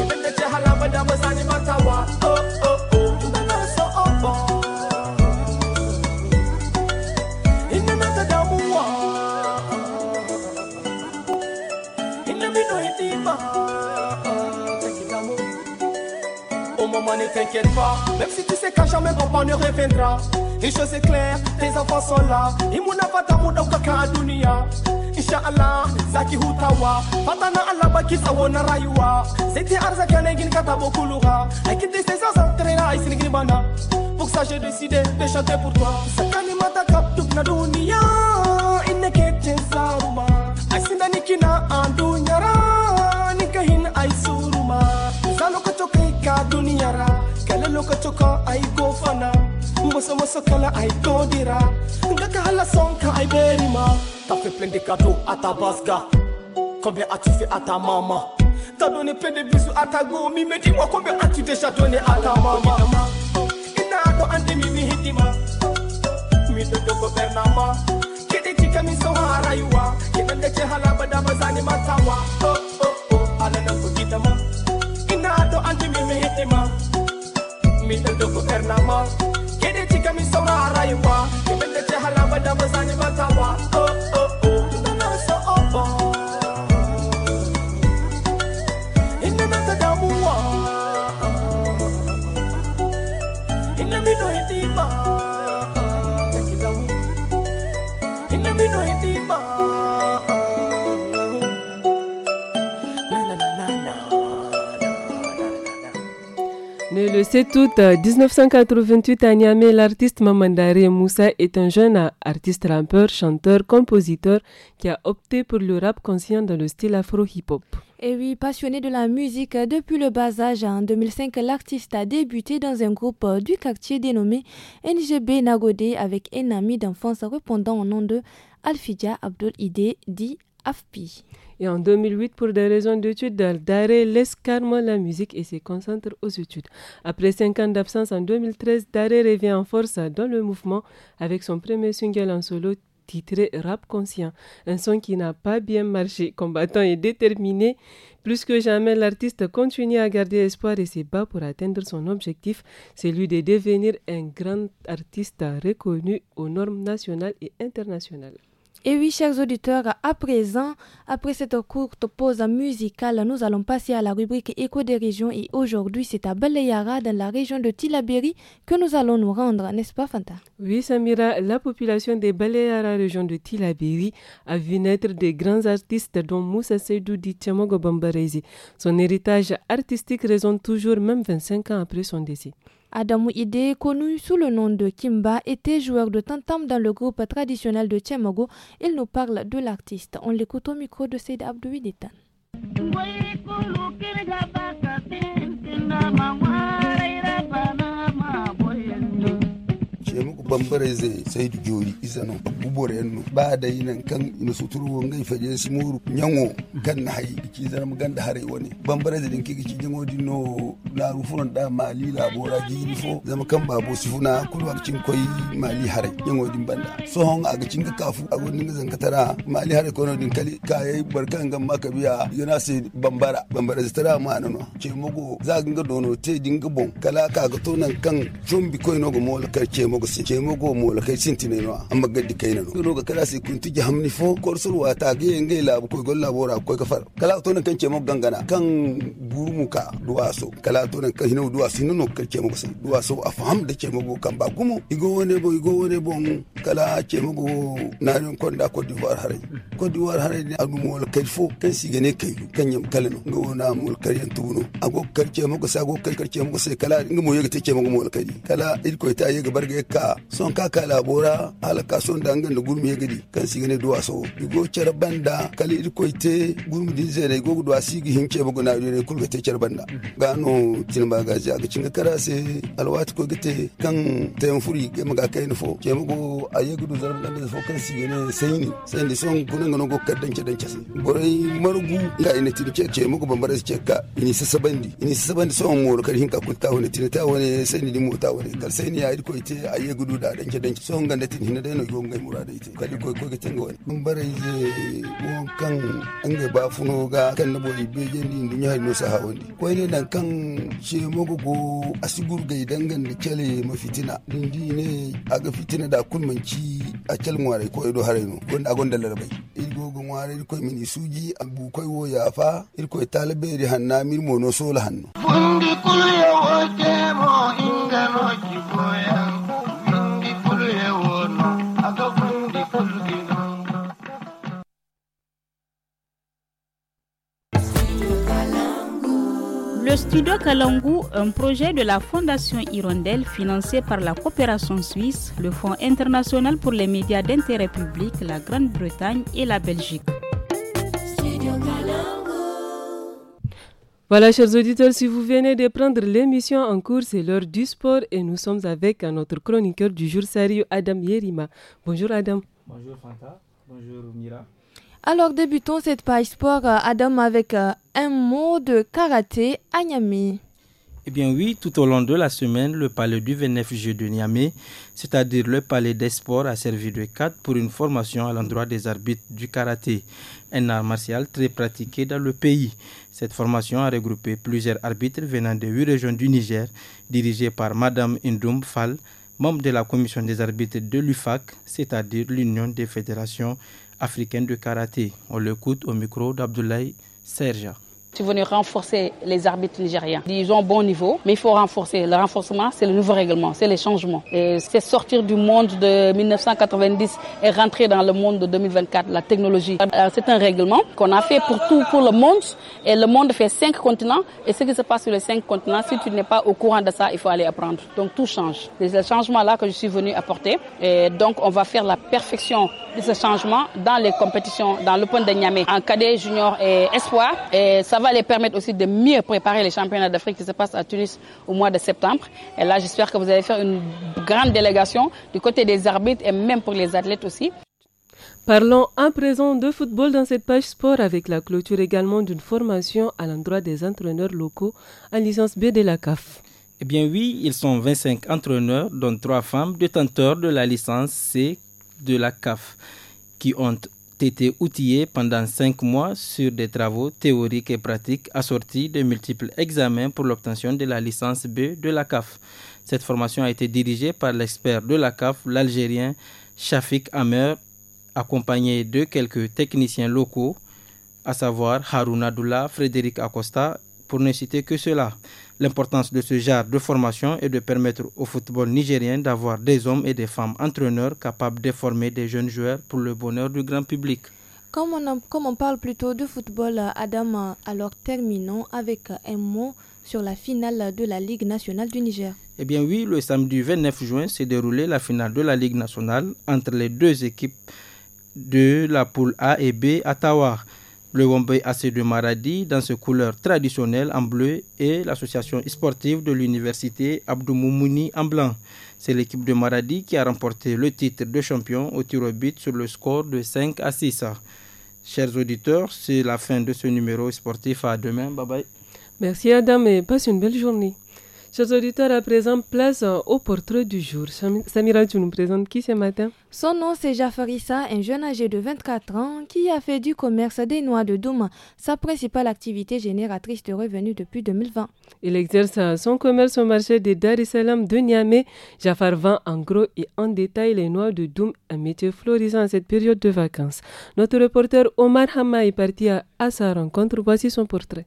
S8: Il n'y a pas d'amour. Il n'y a pas d'amour. Au moment, ne t'inquiète pas. Même si tu sais qu'à jamais, papa ne reviendra. Et chose est claire tes enfants sont là. Et mon avatamou, donc, c'est insha Allah zaki hutawa fata na Allah baki tsawo na rayuwa sai ta arzaka ne gin ka tabo kuluha aikin dai sai sa sa traina ai sin bana pour ça j'ai décidé de chanter pour toi sakani mata kap tuk na duniya inna ke tin saruma ai sin da nikina an dunyara nikahin ai suruma zalo ka to kai ka duniyara kala lokacin ka ai mboso mboso kana ay todira Nga kahala song ka ai berima Tafe plein de cadeaux à basga Combien as-tu fait à ta maman T'as donné plein de bisous à ta gomi Mais dis-moi combien as-tu déjà donné à ta maman Inato ande mimi hitima Mito dogo bernama Kidi kika miso harayuwa Kina ndeche halaba dabazani matawa Oh oh oh alana kukitama Inato ande mimi hitima Mito dogo bernama ke da kika min saura a rayuwa ki bin da ce halaba da ba zani batawa oh oh
S1: le 7 août 1988 euh, à Niamey, l'artiste Mamandare Moussa est un jeune artiste rappeur, chanteur, compositeur qui a opté pour le rap conscient dans le style afro-hip-hop.
S2: Et eh oui, passionné de la musique euh, depuis le bas âge, en 2005, l'artiste a débuté dans un groupe euh, du quartier dénommé NGB Nagode avec un ami d'enfance répondant au nom de Alfidia Abdul dit AFPI.
S1: Et en 2008, pour des raisons d'études, Daré laisse carrément la musique et se concentre aux études. Après cinq ans d'absence en 2013, Daré revient en force dans le mouvement avec son premier single en solo titré Rap Conscient, un son qui n'a pas bien marché. Combattant et déterminé, plus que jamais, l'artiste continue à garder espoir et se bat pour atteindre son objectif, celui de devenir un grand artiste reconnu aux normes nationales et internationales.
S2: Et oui, chers auditeurs, à présent, après cette courte pause musicale, nous allons passer à la rubrique Écho des régions et aujourd'hui, c'est à Baleyara, dans la région de Tilaberi, que nous allons nous rendre, n'est-ce pas Fanta
S1: Oui, Samira, la population des Baleyara, région de Tilaberi, a vu naître des grands artistes dont Moussa Seydou dit Bambarezi. Son héritage artistique résonne toujours même 25 ans après son décès.
S2: Adamu Ide, connu sous le nom de Kimba, était joueur de tantam dans le groupe traditionnel de Tchemogo. Il nous parle de l'artiste. On l'écoute au micro de Seyd Abdouiditan.
S10: zai sai da jori isano ba enno yi inan kan ina suturu ngai faje simuru nyango kan na hayi ki zan mu ganda hare wani bambara zai din kiki jingo dinno na rufuran da mali labora jini fo zama kan babo funa kulwa cin koi mali hare nyango din banda so hon a cin ka kafu a gudun zan katara mali hare kono din kali kayai barkan gan maka biya yana sai bambara bambara zai tara ma nono ce mugo za ga dono te dinga bon kala ka ga tonan kan chumbi koyi no go mol kar ce mugo se mo go mo la kay sintine no amma gaddi kay no no ga kala sai kunti ji hamni fo korsul wa ta ge nge la ko gol la bora ko ka far kala to nan kan ce mo gangana kan buru mu ka duwa so kala to nan kan hinu duwa sinu no kan mo sai duwa so afham da ce mo go kan ba gumu igo wone bo igo wone bo kala ce mo go na non kon da ko diwar hare ko diwar hare ni adu mo la kay fo kan si gane kay kan yam kala no go na mo kar yan tuno ago kar ce mo go sa go kar kar ce mo sai kala ngo mo yega te ce mo go mo la kala il ko ta yega barge ka son kaka labora ala kason dangan da gurmi gidi kan sigane duwa so igo charbanda kali irkoite gurmi di zere igo duwa sigi hinke bugu na yore kulga te charbanda gano tinba gaji aga cinga se alwati ko gite kan tayan furi ga maga kai nufo ke mugo aye gudu zarban da fo kan sigane sayni sayin da son kunan gano go kaddan ce dan ce borai margu ga ina tin ce ce mugo bambare ce ka ini sasabandi ini sasabandi son mo kar hinka kunta wani tinta wani sayni dimo ta wani kar sayni ya irkoite aye gudu da danke danke so ganda da tin hina da no gon ngai murada ite kadi ko ko gatin go mun bare je mun kan an ga ba funo ga kan na boyi be je ni ni hay no saha woni ko ne dan kan she mogo go asigur ga idan gan ni kele mafitina din di ne aga fitina da kun ci a kelin ware ko do hare no gon agon da go gogon ware ko min suji abu ko wo yafa ir ko ri hanna mir mono sola hanno
S9: fundi kulya ke mo ingano
S11: Le studio Kalangu, un projet de la Fondation Hirondelle financé par la coopération suisse, le Fonds
S1: international pour les médias d'intérêt public, la Grande-Bretagne et la Belgique. Voilà, chers auditeurs, si vous venez de prendre l'émission en cours, c'est l'heure du sport et nous sommes avec euh, notre chroniqueur du jour, sérieux, Adam Yerima. Bonjour Adam. Bonjour Fanta. Bonjour Mira.
S2: Alors débutons cette page sport, euh, Adam, avec euh, un mot de karaté à Niamey.
S12: Eh bien oui, tout au long de la semaine, le palais du 29 juillet de Niamey, c'est-à-dire le palais des sports, a servi de cadre pour une formation à l'endroit des arbitres du karaté, un art martial très pratiqué dans le pays. Cette formation a regroupé plusieurs arbitres venant de huit régions du Niger, dirigés par Madame Indoum Fall, membre de la commission des arbitres de l'UFAC, c'est-à-dire l'Union des fédérations africaine de karaté. On l'écoute au micro d'Abdoulaye Serja
S11: suis venu renforcer les arbitres nigériens. Ils ont un bon niveau, mais il faut renforcer. Le renforcement, c'est le nouveau règlement, c'est les changements. C'est sortir du monde de 1990 et rentrer dans le monde de 2024, la technologie. Euh, c'est un règlement qu'on a fait pour tout, pour le monde. Et le monde fait cinq continents. Et ce qui se passe sur les cinq continents, si tu n'es pas au courant de ça, il faut aller apprendre. Donc tout change. C'est ce changement-là que je suis venu apporter. Et donc on va faire la perfection de ce changement dans les compétitions, dans l'Open de Niamey, en cadet, junior et espoir. Et ça va les permettre aussi de mieux préparer les championnats d'Afrique qui se passent à Tunis au mois de septembre. Et là, j'espère que vous allez faire une grande délégation du côté des arbitres et même pour les athlètes aussi.
S1: Parlons à présent de football dans cette page sport avec la clôture également d'une formation à l'endroit des entraîneurs locaux à licence B de la CAF.
S12: Eh bien oui, ils sont 25 entraîneurs, dont 3 femmes, détenteurs de la licence C de la CAF, qui ont été outillé pendant cinq mois sur des travaux théoriques et pratiques assortis de multiples examens pour l'obtention de la licence B de la CAF. Cette formation a été dirigée par l'expert de la CAF, l'Algérien Shafik Amer, accompagné de quelques techniciens locaux, à savoir Harun Adoula, Frédéric Acosta, pour ne citer que cela. L'importance de ce genre de formation est de permettre au football nigérien d'avoir des hommes et des femmes entraîneurs capables de former des jeunes joueurs pour le bonheur du grand public.
S2: Comme on, parle plutôt de football, Adam, alors terminons avec un mot sur la finale de la Ligue nationale du Niger.
S12: Eh bien oui, le samedi 29 juin s'est déroulée la finale de la Ligue nationale entre les deux équipes de la poule A et B à Tawar. Le Wombay AC de Maradi, dans ses couleurs traditionnelles en bleu, et l'association sportive de l'université Abdou en blanc. C'est l'équipe de Maradi qui a remporté le titre de champion au tir au but sur le score de 5 à 6. Chers auditeurs, c'est la fin de ce numéro sportif. À demain. Bye bye.
S1: Merci Adam et passe une belle journée. Chers auditeurs, à présent, place au portrait du jour. Samira, tu nous présentes
S2: qui ce matin Son nom, c'est Jafarissa, un jeune âgé de 24 ans qui a fait du commerce des noix de Douma, sa principale activité génératrice de revenus depuis 2020.
S1: Il exerce son commerce au marché des Dar es de Niamey. Jafar vend en gros et en détail les noix de Doum, un métier florissant à cette période de vacances. Notre reporter Omar Hama est parti à sa rencontre. Voici son portrait.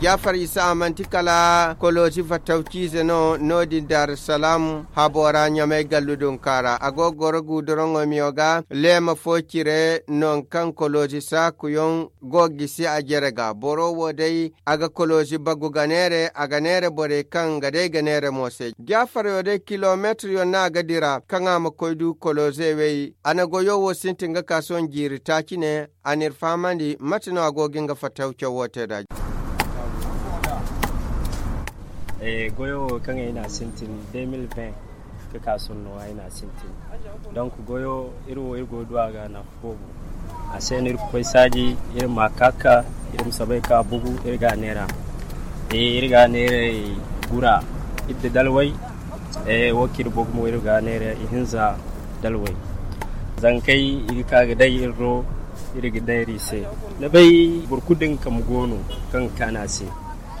S13: jafar isa amanti kala koloji fattawcise no nodi dar salam habora nyamay galludon kara ago goro gudorongo miyoga lema cire non kan koloji sa kuyon go gisi a jerega boro wo wodai aga koloji bagu ganere aga nere bore kan gade ganere mose jafar yode kilometri yo na gadira kanga makoidu koloze wei anago yo wosintinga kason jiri takine anir famandi matino agoginga fatawco wote da
S14: eh goyo kan ina sintin 2020 ka kasun nuwa ina sintin ku goyo iro irgo duwa ga na fobu a sen ir koy saji irin makaka irin sabai ka bugu irga nera eh irga nera eh, gura ita dalwai eh wakil bugu mu irga ga nera ihinza dalwai zankai ir ka ga dai irro iri ga dai rise na bai burkudin kam gono kan kana se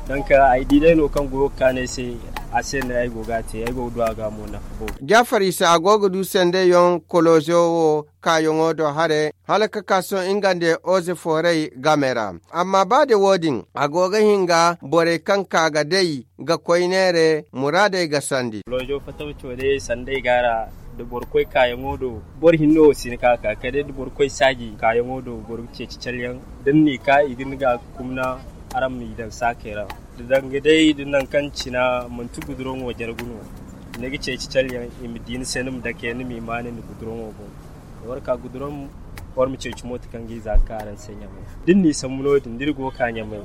S14: donc ay dideno kan go kane se asen yi go ya yi gogo a ga mona bo
S13: jafari sa agogo du sende yon kolozo wo ka yongo do hare halaka kaso ingande oze forei gamera amma ba da wodin agogo hinga bore kan kaga dai ga koinere murade ga sandi
S14: lojo fatawcho de sande gara da borkoi kayan odo bor hinno sin kaka kade da borkoi sagi kayan odo bor ce cicalyan dan ne ka idin ga kumna aram mi dan sakera dan gidai dinan kancina mun tu gudron wa jarguno ne gice ci tal yan imdin senum da ke nimi mani ni gudron wa bon warka gudron war mi ce ci mota kan gi zakaran senya mai din ni samuno din dirgo kanya mai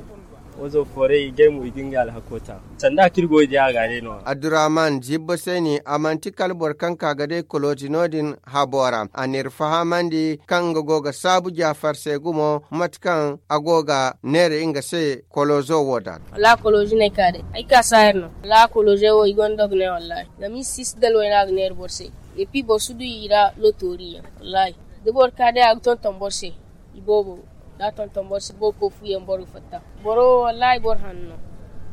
S14: wazo fore gemu igingal alhakota. sanda kirgo a gare no abdurrahman jibbo
S13: seni amanti kalbor kan kagade kolotinodin habora anir fahamandi kan goga sabu jafar se gumo matkan agoga nere inga se kolozo wodan
S11: la koloji ne kade ay ka sayno la koloje wo igondog ne wallahi nami sis dal wena agner borse epi bosudu ira lotoria wallahi debor kade agton tomborse ibobo da tonton bor si boko kofu yen bor fatta boro wallahi bor hanno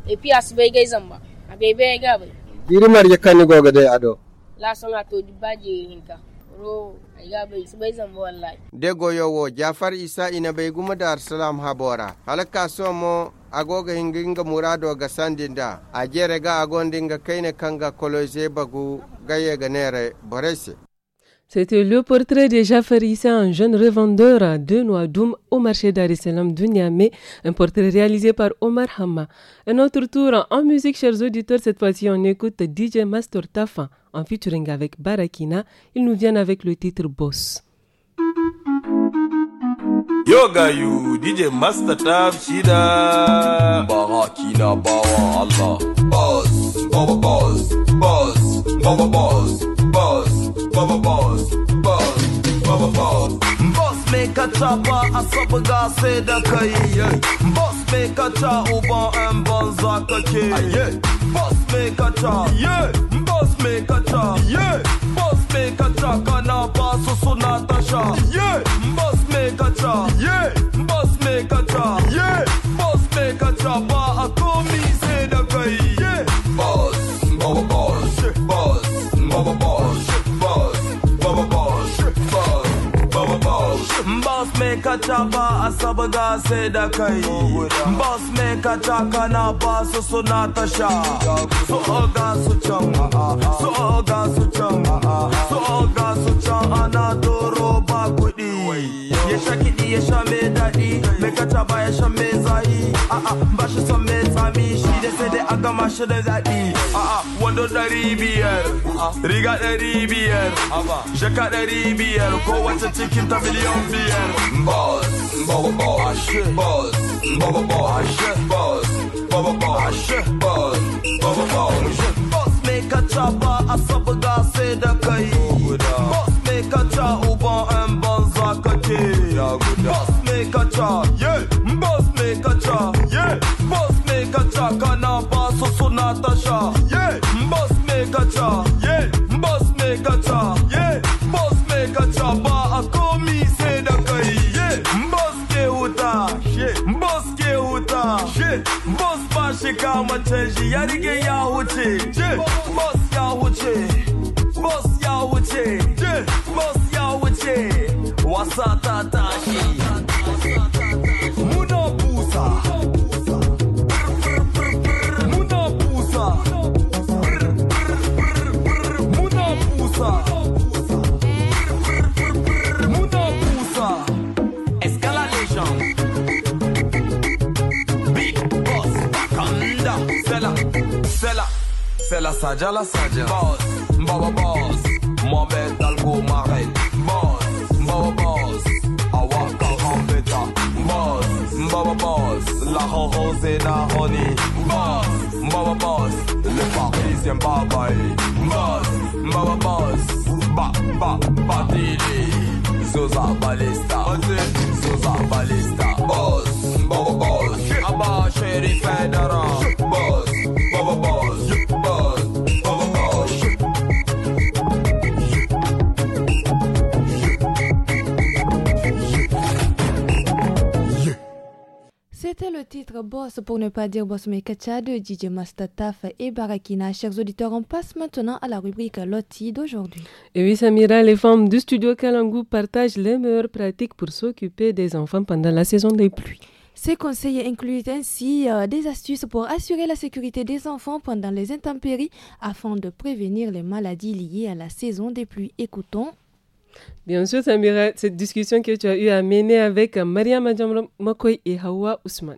S11: e pi asbe gay zamba a be ga bay
S13: diri ya kan goga de ado
S11: la na to dibaje hinka ro aiga bay sbay zamba wallahi
S13: de wo jafar isa ina be guma dar salam habora halaka somo agoga hinginga murado ga sandinda ajere ga agondinga kaine kanga koloje bagu gaye ga nere borese
S1: C'était le portrait de Jafar un jeune revendeur de noix d'oum au marché d'Ar Salam un portrait réalisé par Omar Hamma. Un autre tour en musique, chers auditeurs, cette fois-ci on écoute DJ Master Tafa en featuring avec Barakina. Ils nous viennent avec le titre Boss.
S3: Yoga you DJ Master Taf Shida
S15: Barakina Bawa Allah Boss Boss Boss Boss Boss Baba boss, boss, Baba boss. Boss make a chopper, a supper guy say the key. Boss make a cha uban and bonza key. Boss make a cha, yeah. Boss make a cha, yeah. Boss make a boss. kana basu sunata sha, yeah. Boss make a cha, yeah. Boss make a cha, yeah. Boss make a cha. Boss make a chapa a sabaga se da kai Boss make a chaka na boss su na tasha So oga su chang uh-uh. So oga su chang uh-uh. So oga su chang ana doro ba Yesha kidi yesha me daddy Meka chaba yesha me zai Ah ah Mbasha so me tami She de se de aga masha de daddy Ah ah Wando da ribiyar Riga da ribiyar Jaka da ribiyar Ko wata cikin ta miliyon biyar Boss Baba boss Boss Baba boss Boss Baba boss Boss Baba boss Boss meka chaba Asaba ga se da kai Boss Natasha. Yeah. Boss me cha, Yeah. Boss me cha, Yeah. Boss me cha, Ba ako mi se da kai. Yeah. Boss ke uta. Yeah. Boss ke uta. Yeah. Boss ba shi kama change ya rige ya huce. Yeah. Boss ya huce. Boss ya huce. Yeah. Boss ya huce. Wasa ta tashi. C'est la Sadia, la Sadia. Boss, Baba Boss. Mohamed Dalgo Marraine. Boss, Baba Boss. Awa Rambeta. Boss, Baba Boss. La Rose et la Honey. Boss, Baba Boss. Le Parisien Babaï. Boss, Baba Boss. Ba, ba, ba, dili. Balista Sosa Balista Boss, Baba Boss Abba sheriff Federer
S2: titre Boss pour ne pas dire Boss mais de DJ Mastataf et Barakina. Chers auditeurs, on passe maintenant à la rubrique Loti d'aujourd'hui.
S1: Et oui, Samira, les femmes du studio Kalangu partagent les meilleures pratiques pour s'occuper des enfants pendant la saison des pluies.
S2: Ces conseils incluent ainsi euh, des astuces pour assurer la sécurité des enfants pendant les intempéries afin de prévenir les maladies liées à la saison des pluies. Écoutons.
S1: Bien sûr, Samira, cette discussion que tu as eu à mener avec Maria Madjam Makoy et Hawa Ousmane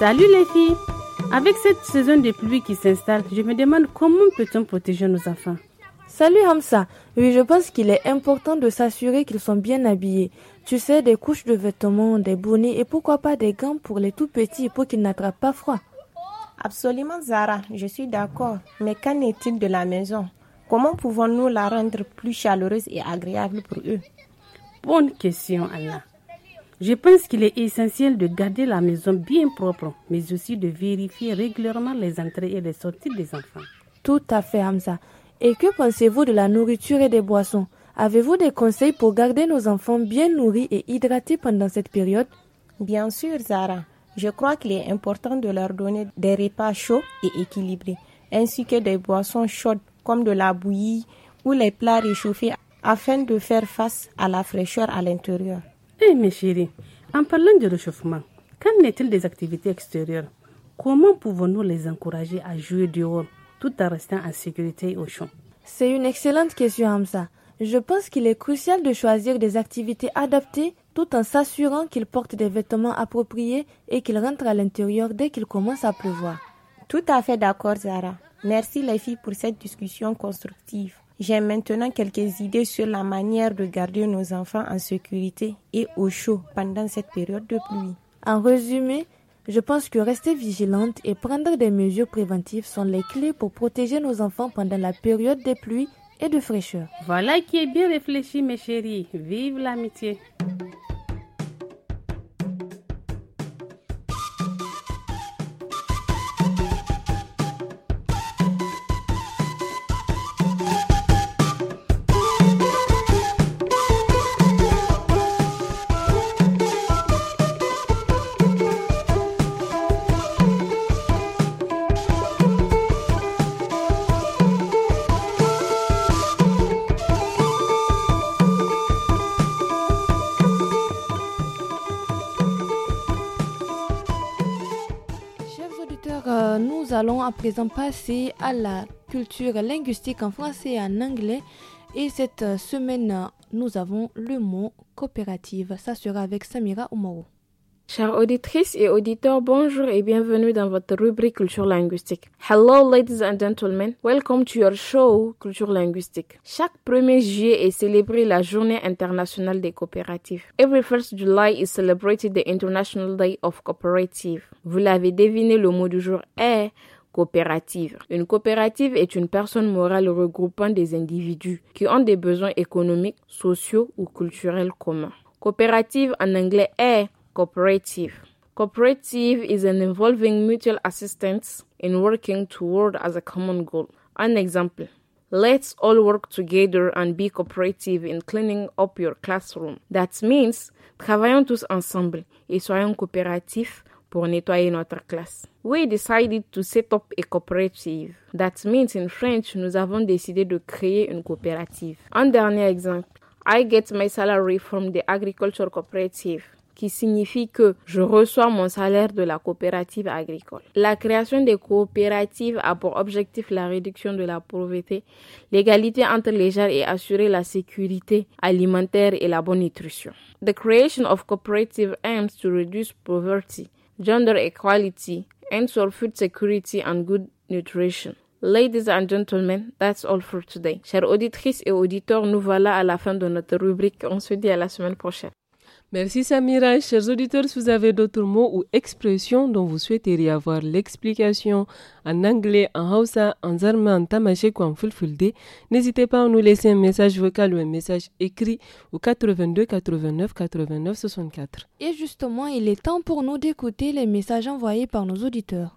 S11: Salut les filles Avec cette saison de pluie qui s'installe, je me demande comment peut-on protéger nos enfants
S2: Salut Hamza Oui, je pense qu'il est important de s'assurer qu'ils sont bien habillés. Tu sais, des couches de vêtements, des bonnets et pourquoi pas des gants pour les tout petits pour qu'ils n'attrapent pas froid. Absolument Zara, je suis d'accord. Mais qu'en est-il de la maison Comment pouvons-nous la
S11: rendre plus chaleureuse et agréable pour eux
S2: Bonne question, Anna. Je pense qu'il est essentiel de garder la maison bien propre, mais aussi de vérifier régulièrement les entrées et les sorties des enfants. Tout à fait, Hamza. Et que pensez-vous de la nourriture et des boissons Avez-vous des conseils pour garder nos enfants bien nourris et hydratés pendant cette période Bien sûr, Zara. Je crois qu'il est important de leur donner des repas
S11: chauds et équilibrés, ainsi que des boissons chaudes comme de la bouillie ou les plats réchauffés afin de faire face à la fraîcheur à l'intérieur.
S2: Eh mes chéris, en parlant du réchauffement, qu'en est-il des activités extérieures Comment pouvons-nous les encourager à jouer dehors tout en restant en sécurité au champ C'est une excellente question Hamza. Je pense qu'il est crucial de choisir des activités adaptées tout en s'assurant qu'ils portent des vêtements appropriés et qu'ils rentrent à l'intérieur dès qu'il commence à pleuvoir. Tout à fait d'accord Zara. Merci les filles pour cette discussion constructive. J'ai maintenant quelques idées sur la manière de garder nos enfants en sécurité et au chaud pendant cette période de pluie. En résumé, je pense que rester vigilante et prendre des mesures préventives sont les clés pour protéger nos enfants pendant la période des pluies et de fraîcheur. Voilà qui est bien réfléchi, mes chéris. Vive l'amitié. présent passer à la culture linguistique en français et en anglais. Et cette euh, semaine, nous avons le mot coopérative. Ça sera avec Samira Oumaro.
S11: Chers auditrices et auditeurs, bonjour et bienvenue dans votre rubrique culture linguistique. Hello ladies and gentlemen, welcome to your show culture linguistique. Chaque 1er juillet est célébrée la journée internationale des coopératives. Every 1st July is celebrated the International Day of Cooperative. Vous l'avez deviné, le mot du jour est coopérative. Une coopérative est une personne morale regroupant des individus qui ont des besoins économiques, sociaux ou culturels communs. Coopérative en anglais est cooperative. Cooperative is an involving mutual assistance in working toward as a common goal. Un exemple. Let's all work together and be cooperative in cleaning up your classroom. That means travaillons tous ensemble et soyons coopératifs pour nettoyer notre classe. We decided to set up a cooperative. That means in French, nous avons décidé de créer une coopérative. Un dernier exemple. I get my salary from the agriculture cooperative qui signifie que je reçois mon salaire de la coopérative agricole. La création des coopératives a pour objectif la réduction de la pauvreté, l'égalité entre les gens et assurer la sécurité alimentaire et la bonne nutrition. The creation of cooperative aims to reduce poverty gender equality, and for food security and good nutrition. Ladies and gentlemen, that's all for today. Cher auditrices et
S1: auditeurs, nous voilà à la fin de notre rubrique. On se dit à la semaine prochaine. Merci Samira. Chers auditeurs, si vous avez d'autres mots ou expressions dont vous souhaiteriez avoir l'explication en anglais, en hausa, en zarma, en tamaché ou en fulfulde, n'hésitez pas à nous laisser un message vocal ou un message écrit au 82 89 89 64.
S2: Et justement, il est temps pour nous d'écouter les messages envoyés par nos auditeurs.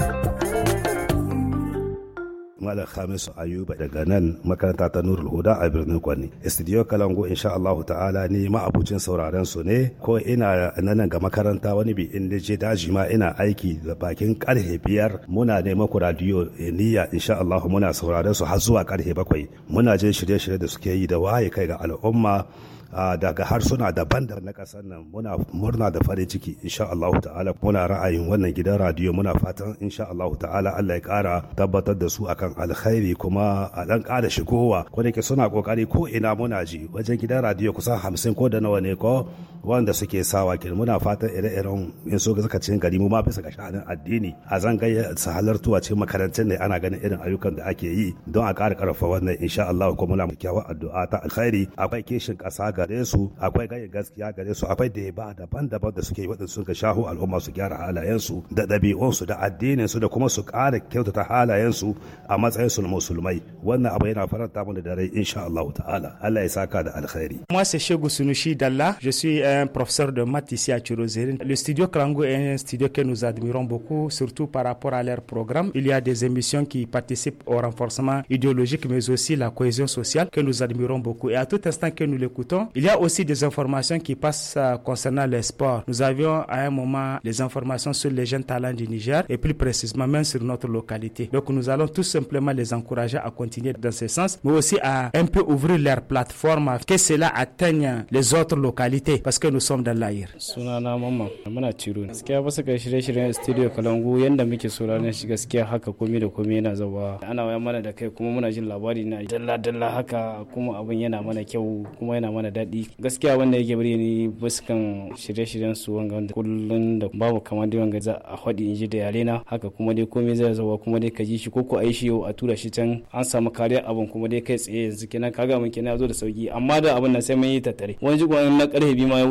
S16: Malam Hamisu Ayuba daga nan makaranta ta Nurul Huda a birnin Kwani. Studio kalangu insha Allah ta'ala ni ma'abucin sauraren su ne ko ina nan ga makaranta wani bi in je daji ma ina aiki da bakin karhe biyar muna neman ku radio niyya insha Allah muna sauraren su har zuwa karhe bakwai muna je shirye-shirye da suke yi da waye kai ga al'umma Ah, daga harsuna daban da na ƙasar nan muna murna da farin ciki insha Allah ta'ala muna ra'ayin wannan gidan radiyo muna fatan insha Allah ta'ala Allah ya ƙara tabbatar da su akan alkhairi kuma a dan ƙara shigowa ko ke suna ƙoƙari ko ina muna ji wajen gidan radiyo kusan hamsin ko da nawa ne ko wanda suke sawa kenan muna fatan ire-iren in so ga cikin gari mu ma bisa ga sha'anin addini a zangaya su halartuwa cikin makarantun ne ana ganin irin ayyukan da ake yi don a ƙara ƙarfafa wannan insha Allah kuma muna kyakkyawar addu'a ta alkhairi akwai kishin ƙasa gare su akwai gayin gaskiya gare su akwai da ba daban-daban da suke waɗanda suka shahu al'umma su gyara halayensu da ɗabi'unsu da addininsu da kuma su ƙara kyautata halayensu a matsayin su musulmai wannan abu yana faranta mana da rai insha Allah ta'ala Allah ya saka da alkhairi.
S6: Moi Shegu Sunushi Dalla je suis euh, un professeur de maths ici à Chirozérine. Le studio Krango est un studio que nous admirons beaucoup, surtout par rapport à leur programme. Il y a des émissions qui participent au renforcement idéologique, mais aussi la cohésion sociale que nous admirons beaucoup. Et à tout instant que nous l'écoutons, il y a aussi des informations qui passent euh, concernant les sports. Nous avions à un moment les informations sur les jeunes talents du Niger et plus précisément même sur notre localité. Donc nous allons tout simplement les encourager à continuer dans ce sens, mais aussi à un peu ouvrir leur plateforme, que cela atteigne les autres localités.
S14: Parce que nous da layir suna na mamma muna ciro. Gaskiya basu ga shirye-shiryen studio Kalangu yanda muke sauraron shi gaskiya haka komi da komi yana zawa. Ana wayan mana da kai kuma muna jin labari na dalla-dalla haka kuma abin yana mana kyau kuma yana mana daɗi. Gaskiya wanda yake bari ni kan shirye-shiryen su wanga wanda kullun da babu kamar dai wanga za a faɗi in ji da yare na haka kuma dai komi zai zawa kuma dai ka ji shi ko ko a yi shi yau a tura shi can an samu kariyar abin kuma dai kai tsaye yanzu kenan kaga mun kenan ya zo da sauki amma da abin nan sai mun yi tattare. Wani jigon na ƙarfe biyu ma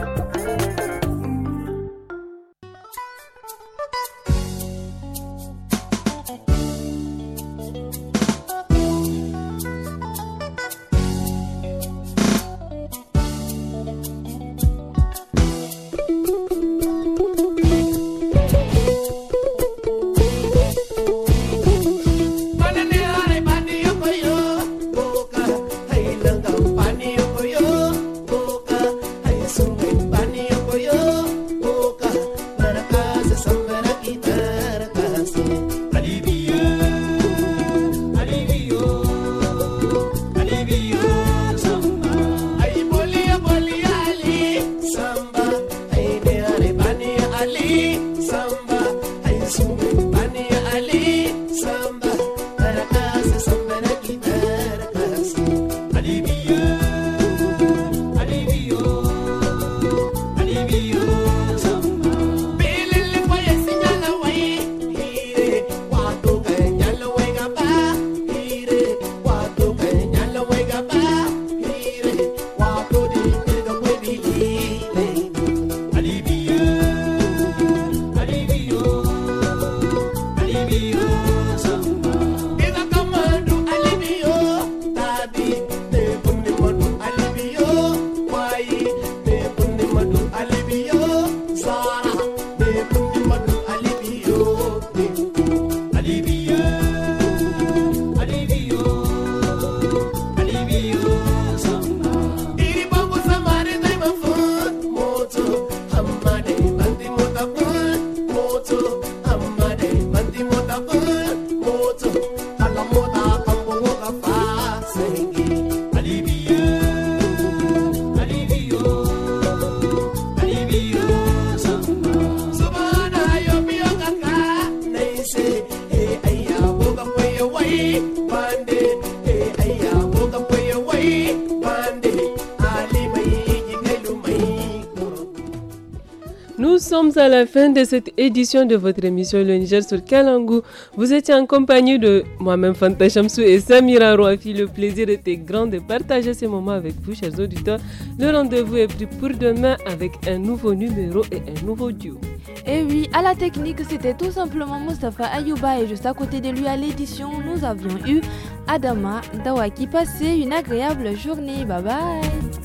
S1: fin de cette édition de votre émission Le Niger sur Kalangou. Vous étiez en compagnie de moi-même Fanta Chamsou et Samira Rouafi. Le plaisir était grand de partager ces moments avec vous, chers auditeurs. Le rendez-vous est pris pour demain avec un nouveau numéro et un nouveau duo.
S2: Et eh oui, à la technique, c'était tout simplement Mustafa Ayouba et juste à côté de lui à l'édition, nous avions eu Adama Dawaki. Passez une agréable journée. Bye bye.